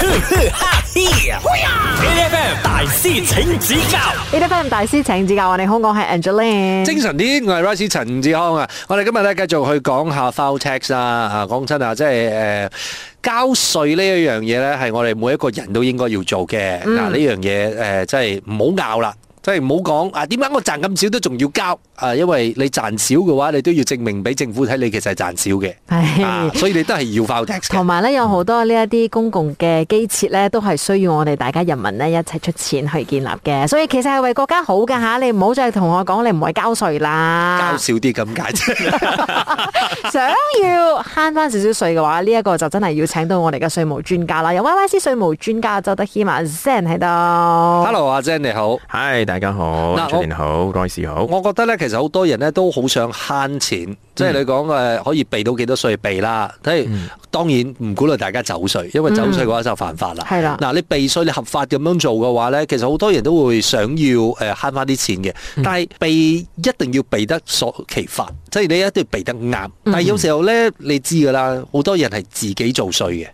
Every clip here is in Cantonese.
哼哼哈嘿！A F M 大師請指教，A F M 大師請指教。你哋好，我係 Angelina。精神啲，我係 Rice 陳志康啊！我哋今日咧繼續去講下 file tax 啊！啊，講真啊，即係誒，交稅呢一樣嘢咧，係我哋每一個人都應該要做嘅。嗱，呢樣嘢誒，即係唔好拗啦。即係唔好講啊，點解我賺咁少都仲要交啊？因為你賺少嘅話，你都要證明俾政府睇你其實係賺少嘅。係，所以你都係要交 tax。同埋咧，有好多呢一啲公共嘅機設咧，都係需要我哋大家人民咧一齊出錢去建立嘅。所以其實係為國家好嘅吓，你唔好再同我講你唔係交稅啦。交少啲咁解啫。想要慳翻少少稅嘅話，呢一個就真係要請到我哋嘅稅務專家啦。有 Y Y C 稅務專家周德希阿 Sir 喺度。Hello，阿 Sir 你好。係。大家好，出年好，多事好。我覺得咧，其實好多人咧都好想慳錢，嗯、即係你講可以避到幾多稅避啦。睇、嗯，當然唔鼓勵大家走稅，因為走稅嘅話就犯法啦。啦、嗯，嗱，你避稅你合法咁樣做嘅話咧，其實好多人都會想要誒慳翻啲錢嘅、嗯。但係避一定要避得所其法，即係你一定要避得啱。但係有時候咧，你知噶啦，好多人係自己做稅嘅。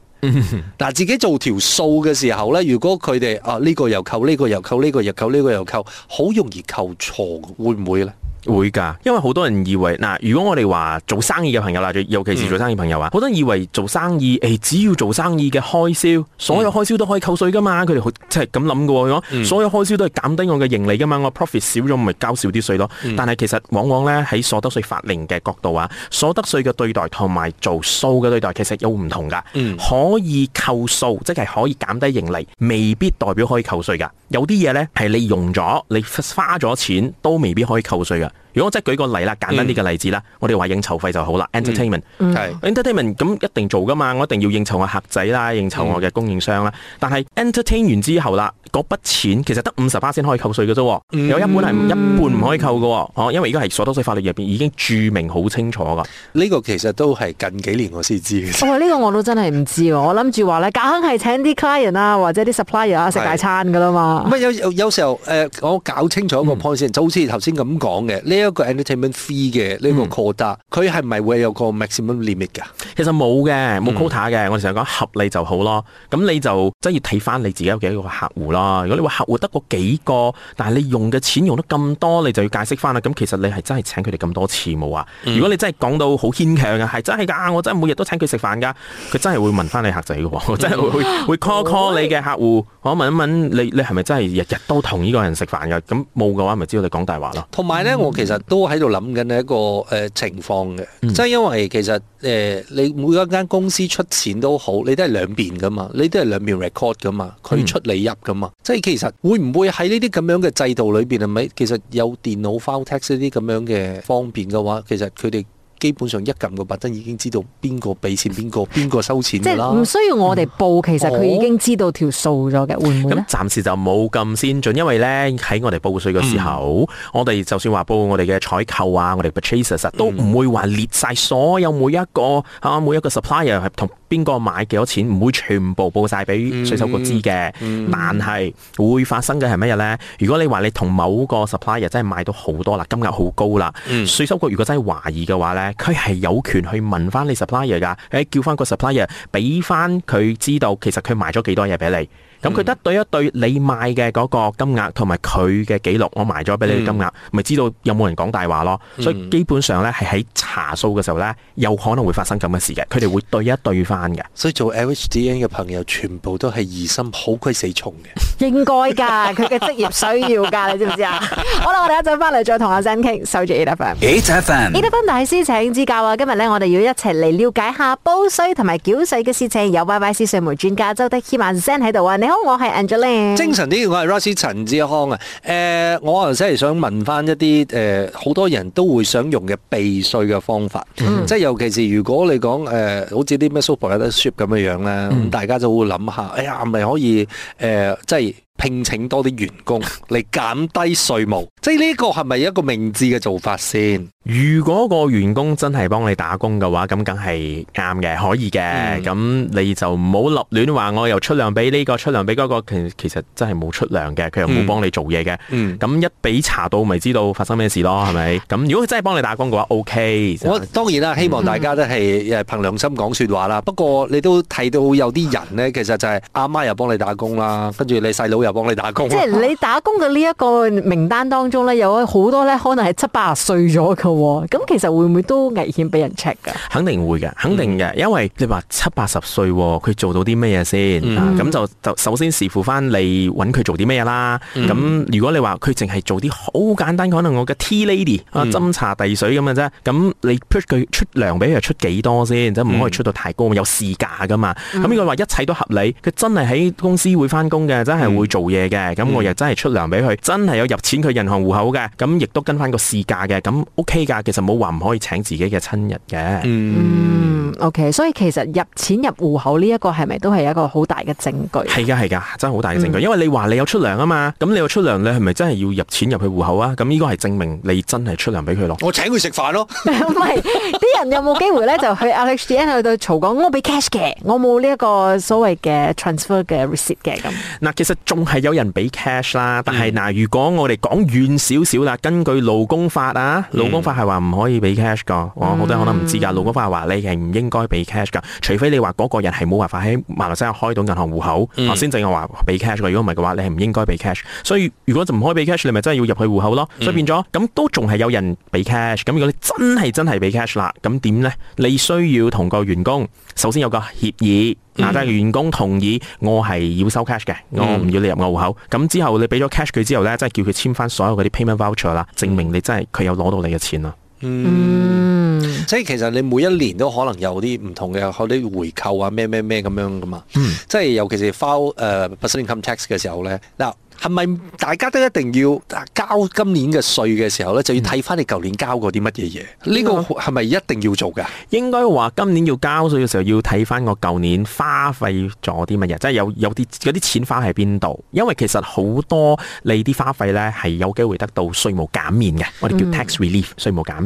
嗱， 自己做條數嘅時候咧，如果佢哋啊呢個又扣，呢個又扣，呢個又扣，呢個又扣，好容易扣錯，會唔會咧？會噶，因為好多人以為嗱，如果我哋話做生意嘅朋友啦，尤其是做生意朋友啊，好、嗯、多人以為做生意，誒，只要做生意嘅開銷，所有開銷都可以扣稅噶嘛，佢哋即係咁諗噶喎，所有開銷都係減低我嘅盈利噶嘛，我 profit 少咗，咪交少啲稅咯。但係其實往往咧喺所得稅法令嘅角度啊，所得稅嘅對待同埋做數嘅對待，其實有唔同噶，可以扣數，即係可以減低盈利，未必代表可以扣稅噶。有啲嘢咧係你用咗，你花咗錢都未必可以扣稅噶。如果我真係舉個例啦，簡單啲嘅例子啦、嗯，我哋話應酬費就好啦。Entertainment，entertainment、嗯、咁 Entertainment，一定做噶嘛，我一定要應酬我客仔啦，應酬我嘅供應商啦、嗯。但係 entertainment 完之後啦，嗰筆錢其實得五十巴仙先可以扣稅嘅啫，有一半係一半唔可以扣㗎喎、嗯，因為而家係所得稅法律入面已經注明好清楚㗎。呢、呢個其實都係近幾年我先知嘅、哦呢個。我呢個我都真係唔知，我諗住話咧，梗係請啲 client 啊或者啲 supplier 啊食大餐㗎啦嘛不。有有時候、呃、我搞清楚一個 point 先、嗯，就好似頭先咁講嘅，一個 entertainment fee 嘅呢、嗯這個 quota，佢係咪會有個 maximum limit 噶？其實冇嘅，冇 quota 嘅。我成日講合理就好咯。咁你就真係要睇翻你自己有幾個客戶咯。如果你話客戶得個幾個，但係你用嘅錢用得咁多，你就要解釋翻啦。咁其實你係真係請佢哋咁多次冇啊、嗯？如果你真係講到好牽強啊，係真係噶，我真係每日都請佢食飯噶。佢真係會問翻你客仔噶，嗯、 真係的會 會 call call 你嘅客戶， 我問一問你，你係咪真係日日都同呢個人食飯噶？咁冇嘅話，咪知道你講大話咯。同埋咧，我其實、嗯。嗯都喺度諗緊一個誒情況嘅，即、嗯、係因為其實誒、呃、你每一間公司出錢都好，你都係兩邊噶嘛，你都係兩邊 record 噶嘛，佢出你入噶嘛，嗯、即係其實會唔會喺呢啲咁樣嘅制度裏邊係咪？係咪其實有電腦 file tax 呢啲咁樣嘅方便嘅話，其實佢哋。基本上一撳個八針已經知道邊個俾錢邊個，邊 個收錢啦。即係唔需要我哋報、嗯，其實佢已經知道條數咗嘅，會唔會呢？咁、哦、暫時就冇咁先進，因為呢喺我哋報稅嘅時候，嗯、我哋就算話報我哋嘅採購呀、啊，我哋 purchases、啊嗯、都唔會話列晒所有每一個每一個 supplier 係同。邊個買幾多錢，唔會全部報晒俾稅收局知嘅，mm -hmm. Mm -hmm. 但係會發生嘅係乜嘢呢？如果你話你同某個 supplier 真係買到好多啦，金額好高啦，稅、mm -hmm. 收局如果真係懷疑嘅話呢，佢係有權去問翻你 supplier 噶，叫翻個 supplier 俾翻佢知道，其實佢賣咗幾多嘢俾你。咁佢得對一對你賣嘅嗰個金額同埋佢嘅記錄，我賣咗俾你嘅金額，咪知道有冇人講大話咯？所以基本上咧，係喺查數嘅時候咧，有可能會發生咁嘅事嘅，佢哋會對一對翻嘅。所以做 LHDN 嘅朋友，全部都係疑心好鬼死重嘅。應該㗎，佢嘅職業需要㗎，你知唔知啊？好啦，我哋一陣翻嚟再同阿 Sam 傾，守住 Eight FM。Eight FM，Eight FM 大師請指教啊！今日咧，我哋要一齊嚟了解下報稅同埋繳稅嘅事情。有 Y YC 上門專家周德希萬 Sam 喺度啊！你。你好，我係 Angeline 精神啲，我係 Rosie 陳志康啊。誒、呃，我啊真係想問翻一啲誒，好、呃、多人都會想用嘅避稅嘅方法，嗯、即係尤其是如果你講誒、呃，好似啲咩 super yacht ship 咁樣樣咧，大家就會諗下，哎呀，係咪可以誒、呃，即係。聘請多啲員工嚟減低稅務， 即係呢個係咪一個明智嘅做法先？如果個員工真係幫你打工嘅話，咁梗係啱嘅，可以嘅。咁、嗯、你就唔好立亂話，我又出糧俾呢個，出糧俾嗰個，其其實真係冇出糧嘅，佢又冇幫你做嘢嘅。咁、嗯嗯、一比查到，咪知道發生咩事咯？係咪？咁如果佢真係幫你打工嘅話，OK。我當然啦，希望大家都係誒憑良心講說話啦。嗯、不過你都睇到有啲人呢，其實就係阿媽又幫你打工啦，跟住你細佬。又幫你打工，即係你打工嘅呢一個名單當中咧，有好多咧，可能係七八十歲咗嘅。咁其實會唔會都危險俾人 check 㗎？肯定會嘅，肯定嘅，因為你話七八十歲，佢做到啲咩嘢先？咁、嗯、就就首先視乎翻你揾佢做啲咩嘢啦。咁、嗯、如果你話佢淨係做啲好簡單，可能我嘅 tea lady 斟、嗯、茶遞水咁嘅啫。咁你出佢出糧佢出，俾佢出幾多先？唔可以出到太高，有市價㗎嘛。咁、嗯、如果話一切都合理，佢真係喺公司會翻工嘅，真係會做做嘢嘅咁，我又真係出糧俾佢，真係有入錢去銀行戶口嘅，咁亦都跟翻個市價嘅，咁 OK 噶。其實冇話唔可以請自己嘅親人嘅。嗯，嗯，OK。所以其實入錢入戶口呢一個係咪都係一個好大嘅證據？係噶，係噶，真係好大嘅證據、嗯。因為你話你有出糧啊嘛，咁你有出糧，你係咪真係要入錢入去戶口啊？咁應該係證明你真係出糧俾佢咯。我請佢食飯咯。唔係，啲人有冇機會咧？就去 LHDN 去到吵講，我俾 cash 嘅，我冇呢一個所謂嘅 transfer 嘅 receipt 嘅咁。嗱，其實仲。係有人俾 cash 啦，但係嗱，如果我哋講遠少少啦，根據勞工法啊，勞工法係話唔可以俾 cash 㗎。我好多人可能唔知噶，勞、嗯、工法係話你係唔應該俾 cash 噶，除非你話嗰個人係冇辦法喺馬來西亞開到銀行戶口，先、嗯、正係話俾 cash 㗎。如果唔係嘅話，你係唔應該俾 cash。所以如果就唔可以俾 cash，你咪真係要入去戶口咯。所以變咗咁都仲係有人俾 cash。咁如果你真係真係俾 cash 啦，咁點呢？你需要同個員工首先有個協議。嗱，但 係、呃就係、員工同意我係，我係要收 cash 嘅，我唔要你入我戶口。咁 之後你俾咗 cash 佢之後咧，即係叫佢簽返所有嗰啲 payment voucher 啦，證明你真係佢有攞到你嘅錢啦。嗯，嗯，即係其實你每一年都可能有啲唔同嘅，有啲回扣啊，咩咩咩咁樣噶嘛。嗯，即係尤其是交誒不收利 income tax 嘅時候咧，嗱，係咪大家都一定要交今年嘅稅嘅時候咧，就要睇翻你舊年交過啲乜嘢嘢？呢、嗯呢個係咪一定要做噶？應該話今年要交稅嘅時候，要睇翻我舊年花費咗啲乜嘢，即係有有啲啲錢花喺邊度？因為其實好多你啲花費咧係有機會得到稅務減免嘅，我哋叫 tax relief 稅務減免。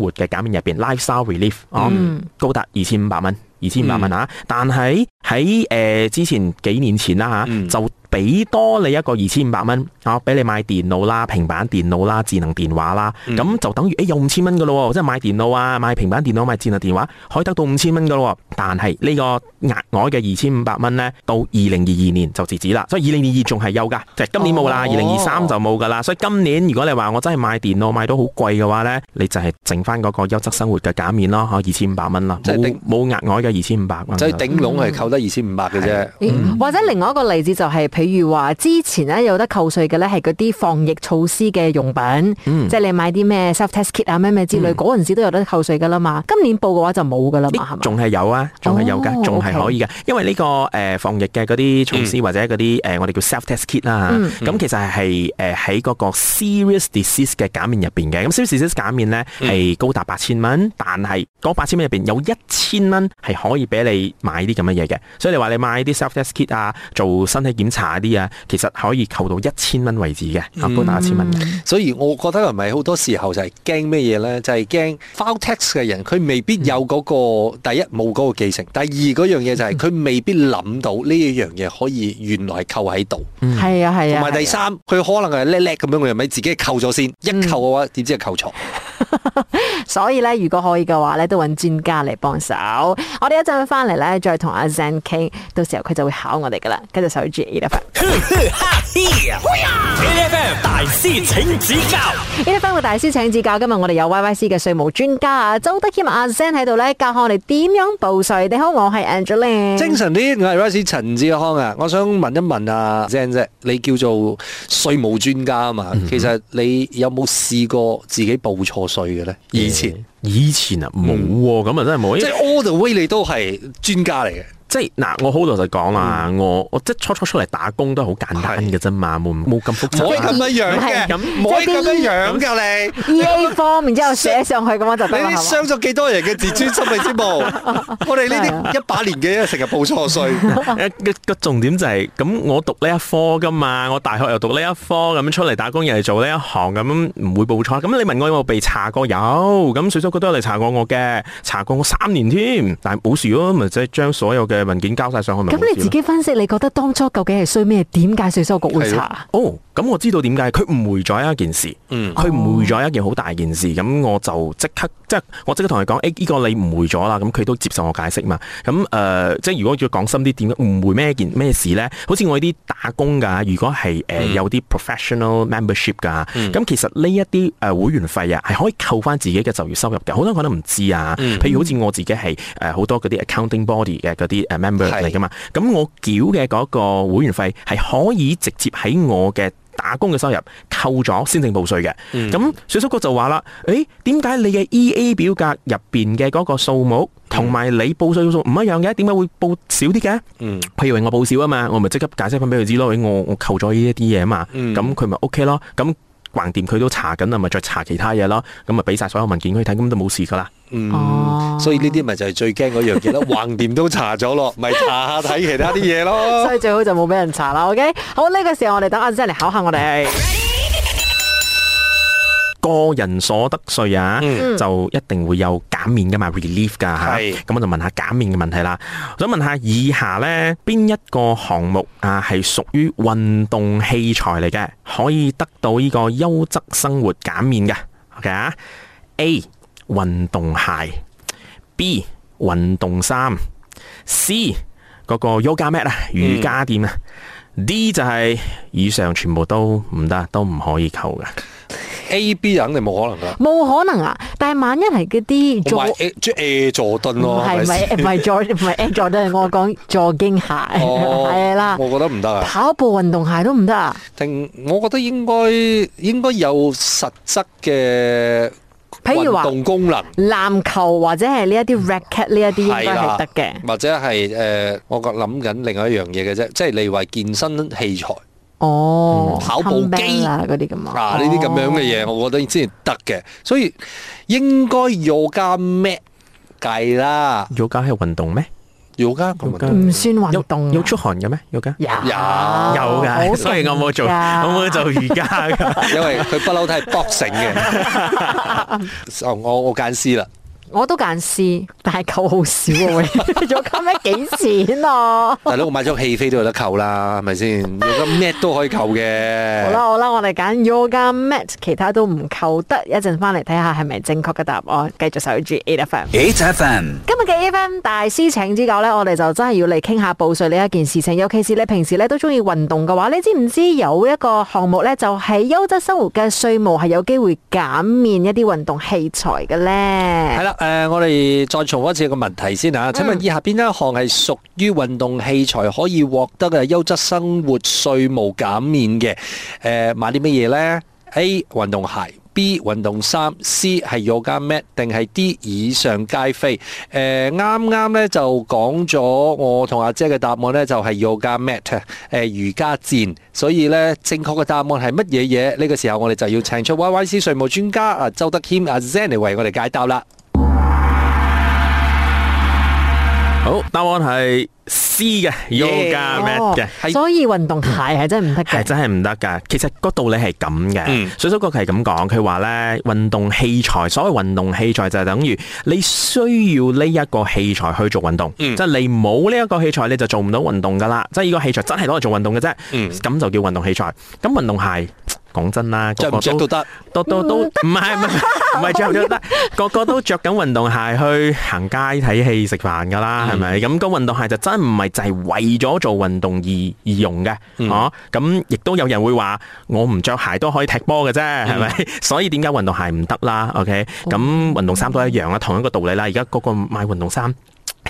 活嘅減免入邊，Lifestyle Relief 哦、嗯，高達二千五百蚊，二千五百蚊吓。但係喺誒之前幾年前啦吓、嗯，就。俾多你一個二千五百蚊啊！俾你買電腦啦、平板電腦啦、智能電話啦，咁、嗯、就等於誒、哎、有五千蚊嘅咯喎，即係買電腦啊、買平板電腦、買智能電話、啊啊，可以得到五千蚊嘅咯喎。但係呢個額外嘅二千五百蚊呢，到二零二二年就截止啦。所以二零二二仲係有㗎，就係、今年冇啦，二零二三就冇㗎啦。所以今年如果你話我真係買電腦買到好貴嘅話呢，你就係剩翻嗰個優質生活嘅減免咯，二千五百蚊啦，冇冇、就係、額外嘅二千五百。即、就、係、是、頂籠係扣得二千五百嘅啫。或者另外一個例子就係、是。比如話之前咧有得扣稅嘅咧係嗰啲防疫措施嘅用品，嗯、即係你買啲咩 self test kit 啊咩咩之類，嗰、嗯、陣時都有得扣稅噶啦嘛。今年報嘅話就冇噶啦，仲係有啊，仲、哦、係有噶，仲係可以噶、okay。因為呢個誒防疫嘅嗰啲措施、嗯、或者嗰啲誒我哋叫 self test kit 啦、嗯，咁其實係誒喺嗰個 serious disease 嘅減免入邊嘅。咁 serious disease 減免咧係高達八千蚊，但係嗰八千蚊入邊有一千蚊係可以俾你買啲咁嘅嘢嘅。所以你話你買啲 self test kit 啊，做身體檢查。大啲啊，其實可以扣到一千蚊為止嘅，一、啊、般打一千蚊。所以我覺得係咪好多時候就係驚咩嘢咧，就係、是、驚 file tax 嘅人，佢未必有嗰、那個、嗯、第一冇嗰個繼承，第二嗰樣嘢就係、是、佢、嗯、未必諗到呢一樣嘢可以原來係扣喺度。係啊係啊，同埋第三佢可能係叻叻咁樣，佢又咪自己扣咗先，一扣嘅話點、嗯、知係扣錯。 所以咧，如果可以嘅話咧，都搵專家嚟幫手。我哋一陣翻嚟咧，再同阿 Zen 傾，到時候佢就會考我哋噶啦。跟住守住 AM。AM 大師請指教，AM 大師請指教。今日我哋有 Y Y C 嘅稅務專家啊，周德謙阿 Zen 喺度咧，教我哋點樣報稅。你好，我係 Angeline 精神啲，Y、yes, 我係 Y Y C 陳志康啊，我想問一問啊，Zen 你叫做稅務專家啊嘛？嗯、其實你有冇試過自己報錯稅嘅咧，以前以前啊冇咁啊，嗯、真係冇。即係 All the way，你都係專家嚟嘅。即係嗱、啊，我好老實講啦，我我即係初初出嚟打工都係好簡單嘅啫嘛，冇冇咁複雜。唔係咁，唔係咁，唔係咁樣嘅。E A 科，然之後寫上去咁樣就得啦。你傷咗幾多人嘅自尊心嚟之冇？ 我哋呢啲一把年紀，成日報錯稅。個重點就係、是、咁，我讀呢一科噶嘛，我大學又讀呢一科，咁出嚟打工又係做呢一行，咁唔會報錯。咁你問我有冇被查過？有。咁稅收局都有嚟查過我嘅，查過我三年添。但係冇事咯，咪即係將所有嘅，文件交晒上去，咁你自己分析，你覺得當初究竟係衰咩？點解稅收局會查？哦，咁我知道點解，佢誤會咗一件事，佢誤會咗一件好大件事。咁、哦、我就即刻，即係我即刻同佢講：，誒、哎，呢、這個你誤會咗啦。咁佢都接受我解釋嘛？咁誒、呃，即係如果要講深啲，點誤會咩件咩事咧？好似我呢啲打工噶，如果係誒、呃嗯、有啲 professional membership 噶，咁、嗯、其實呢一啲誒會員費啊，係可以扣翻自己嘅就業收入嘅。好多人都唔知啊。譬如好似我自己係誒好多嗰啲 accounting body 嘅嗰啲。誒 member 嚟噶嘛？咁我繳嘅嗰個會員費係可以直接喺我嘅打工嘅收入扣咗先正報稅嘅。咁、嗯、水叔哥就話啦：，誒點解你嘅 EA 表格入面嘅嗰個數目同埋你報稅數唔一樣嘅？點解會報少啲嘅、嗯？譬如我報少啊嘛，我咪即刻解釋翻俾佢知咯。我我扣咗呢一啲嘢啊嘛，咁佢咪 OK 咯。咁橫掂佢都查緊啦，咪再查其他嘢咯。咁咪俾晒所有文件佢睇，咁就冇事噶啦。嗯，啊、所以呢啲咪就係最驚嗰樣嘢咯。橫掂都查咗咯，咪查下睇其他啲嘢咯。所以最好就冇俾人查啦。OK，好呢、這個時候我哋等阿 s 嚟考，考下我哋。個人所得稅啊、嗯，就一定會有減免噶嘛，relief 噶吓。咁、啊、我就問下減免嘅問題啦。我想問下以下呢邊一個項目啊係屬於運動器材嚟嘅，可以得到呢個優質生活減免嘅？OK 啊？A 運動鞋，B 運動衫，C 嗰個 yoga mat 啊，瑜伽墊啊。嗯 D 就係以上全部都唔得，都唔可以扣嘅。A B、B 肯定冇可能噶，冇可能啊！但係萬一係嗰啲坐，即係坐凳咯，唔係唔係坐唔係坐凳，啊、 A, Jordan, 我講坐驚鞋係啦、 哦。 我覺得唔得啊！跑步運動鞋都唔得、啊。定我覺得應該應該有實質嘅。譬如話運動功能，籃球或者係呢一啲、嗯、racket 呢一啲應該係得嘅，或者係誒、呃，我覺諗緊另外一樣嘢嘅啫，即係你話健身器材，哦，跑步機啊嗰啲咁啊呢啲咁樣嘅嘢，我覺得之前得嘅，所以應該要加咩計啦？要加係運動咩？有噶，唔算運動，要出汗嘅咩？有噶，有有有噶，所以我冇做，我冇做瑜伽噶，因為佢不嬲都係 boxing 嘅，就我我間私啦。我都揀 C，但係扣好少啊！我咗咁咩幾錢啊？大佬，我買咗戲飛都有得扣啦，係咪先？咁咩都可以扣嘅。好啦，好啦，我哋揀 yoga mat 其他都唔扣得。一陣翻嚟睇下係咪正確嘅答案。繼續守住 eight FM。eight FM。今日嘅 FM 大師請指教咧，我哋就真係要嚟傾下報稅呢一件事情。尤其是你平時咧都中意運動嘅話，你知唔知有一個項目咧就係優質生活嘅稅務係有機會減免一啲運動器材嘅咧？係啦。誒、呃，我哋再重複一次一個問題先吓、啊，請問以下邊一項係屬於運動器材可以獲得嘅優質生活稅務減免嘅？誒、呃，買啲乜嘢呢？A. 運動鞋，B. 運動衫，C. 係 yoga mat，定係 D. 以上皆非？誒、呃，啱啱咧就講咗，我同阿姐嘅答案呢就係 yoga mat，誒，瑜伽墊。所以呢正確嘅答案係乜嘢嘢？呢、這個時候我哋就要請出 Y Y C 稅務專家啊，周德謙阿、啊、Zenny 為我哋解答啦。好，答案係 C 嘅，yoga mat 嘅，所以運動鞋係真係唔得嘅，係真係唔得噶。其實個道理係咁嘅，嗯，稅局佢係咁講，佢話咧運動器材，所謂運動器材就係等於你需要呢一個器材去做運動，即、嗯、係、就是、你冇呢一個器材你就做唔到運動噶啦，即係呢個器材真係攞嚟做運動嘅啫，嗯，咁就叫運動器材，咁運動鞋。講真啦，着唔着都得，都都都唔係唔係唔係着得，個個都着緊運動鞋去行街睇戲食飯噶啦，係、嗯、咪？咁、那個運動鞋就真唔係就係為咗做運動而而用嘅，哦、嗯，咁亦都有人會話我唔着鞋都可以踢波嘅啫，係、嗯、咪？所以點解運動鞋唔得啦？OK，咁運動衫都一樣啦，同一個道理啦。而家個個買運動衫。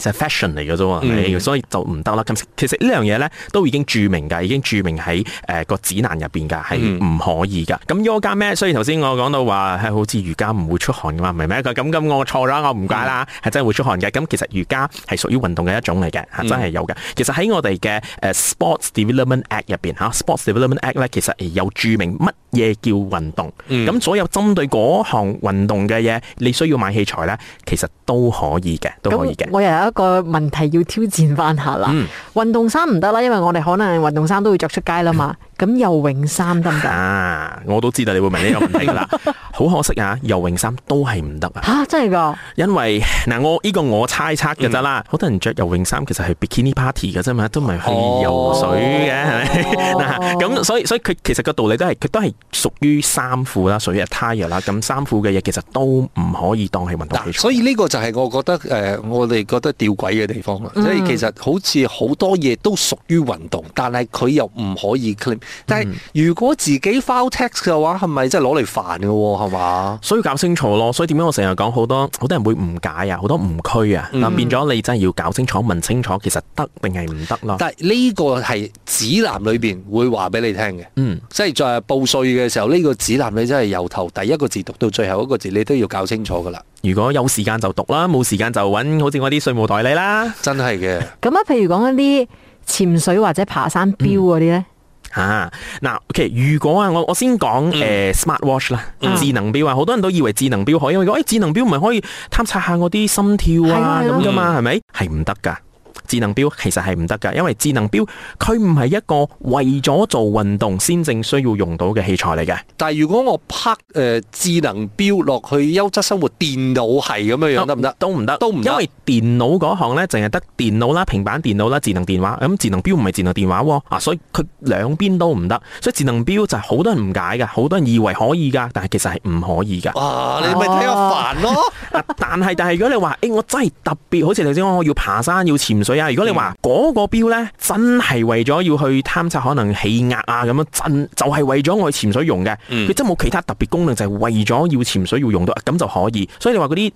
就係 fashion 嚟嘅啫喎，所以就唔得啦。其實呢樣嘢咧都已經註明㗎，已經註明喺誒個指南入邊㗎，係唔可以㗎。咁瑜伽咩？所以頭先我講到話係好似瑜伽唔會出汗㗎嘛，唔係咩？咁咁我錯咗，我唔怪啦，係真係會出汗嘅。咁其實瑜伽係屬於運動嘅一種嚟嘅，真係有嘅。其實喺我哋嘅誒 Sports Development Act 入邊嚇，Sports Development Act 咧其實有註明乜嘢叫運動，咁所有針對嗰項運動嘅嘢，你需要買器材咧，其實都可以嘅，都可以嘅。我又有。個問題要挑戰翻下啦，運動衫唔得啦，因為我哋可能運動衫都會着出街啦嘛。嗯咁游泳衫得唔得啊？我都知道你會問呢個問題啦，好 可惜啊！游泳衫都係唔得啊！吓，真係噶？因為嗱、呃，我呢、這個我猜測嘅咋啦，好、嗯、多人着游泳衫其實係 bikini party 嘅啫嘛，都唔係去游水嘅，係、哦、咪？咁、 呃哦呃、所以所以佢其實個道理都係佢都係屬於衫褲啦，屬於係 attire 啦。咁衫褲嘅嘢其實都唔可以當係運動。所以呢個就係我覺得誒、呃，我哋覺得吊詭嘅地方啦。所、嗯、以其實好似好多嘢都屬於運動，但係佢又唔可以 claim, 但係如果自己 file tax 嘅話，係咪真係攞嚟煩嘅係嘛？所以搞清楚咯，所以點解我成日講好多，好多人會誤解啊，好多誤區啊，嗱、嗯，變咗你真係要搞清楚、問清楚，其實得定係唔得咯。但係呢個係指南裏邊會話俾你聽嘅，嗯，即係在報稅嘅時候，呢、這個指南你真係由頭第一個字讀到最後一個字，你都要搞清楚噶啦。如果有時間就讀啦，冇時間就搵好似我啲稅務代理啦，真係嘅。咁啊，譬如講一啲潛水或者爬山表嗰啲咧。嗯吓嗱，OK，如果啊，我我先講誒，smart watch 啦，智能表啊，好多人都以為智能表可以因為，誒、哎，智能表唔係可以探測下我啲心跳啊咁噶嘛，係、嗯、咪？係唔得噶。智能表其實係唔得噶因為智能表佢唔係一個為咗做運動先正需要用到嘅器材嚟嘅。但係如果我拍誒智能表落去優質生活電腦係咁樣樣得唔得？都唔得，都唔得，因為電腦嗰項咧，淨係得電腦啦、平板電腦啦、智能電話。咁智能表唔係智能電話啊，所以佢兩邊都唔得。所以智能表就係好多人唔解嘅，好多人以為可以噶但係其實係唔可以噶。啊，你咪聽下煩咯。 但係但係如果你話誒、欸、我真係特別，好似頭先講我要爬山要潛水啊！如果你話嗰個標咧，真係為咗要去探測可能氣壓啊，咁樣震就係、是、為咗我去潛水用嘅，佢、嗯、真冇其他特別功能，就係、是、為咗要潛水要用到，咁就可以。所以你話嗰啲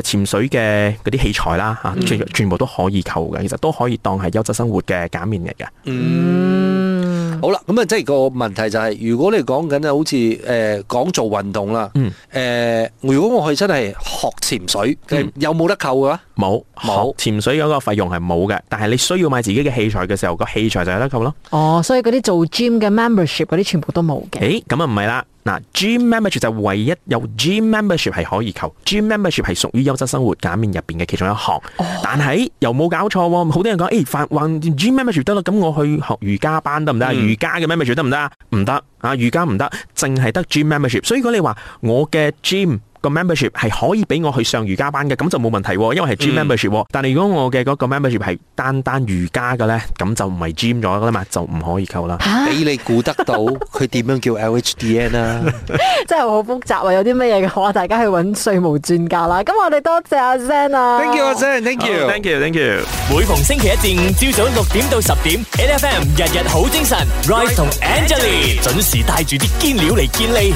誒潛水嘅嗰啲器材啦，吓全全部都可以扣嘅，其實都可以當係優質生活嘅減免嚟嘅。嗯，好啦，咁啊，即係個問題就係、是，如果你講緊好似誒講做運動啦，誒、嗯呃，如果我去真係學潛水，有冇得扣嘅？嗯嗯冇，好潛水嗰個費用係冇嘅，但係你需要買自己嘅器材嘅時候，個器材就有得扣咯。哦，所以嗰啲做 gym 嘅 membership 嗰啲全部都冇嘅。誒，咁啊唔係啦，嗱 gym membership 就唯一有 gym membership 係可以扣，gym membership 係屬於優質生活減免入邊嘅其中一項，哦。但係又冇搞錯，好多人講，誒、哎，還 gym membership 得啦，咁我去學瑜伽班得唔得？瑜伽嘅 membership 得唔得啊？唔得，啊瑜伽唔得，淨係得 gym membership。所以如果你話我嘅 gym。個 membership 係可以俾我去上瑜伽班嘅，咁就冇問題，因為係 gym membership。但係如果我嘅嗰個 membership 係單單瑜伽嘅咧，咁就唔係 gym 咗啦嘛，就唔可以扣啦。俾你估得到佢點樣叫 LHDN 啊？真係好複雜啊！有啲乜嘢嘅話，我大家去揾稅務專家啦。咁我哋多謝阿 Zen 啊，Thank you，阿 Zen，Thank you，Thank you，Thank you。每逢星期一至五朝早六點到十點，NFM 日日好精神，Rice 同 Angelina 準時帶住啲堅料嚟健力。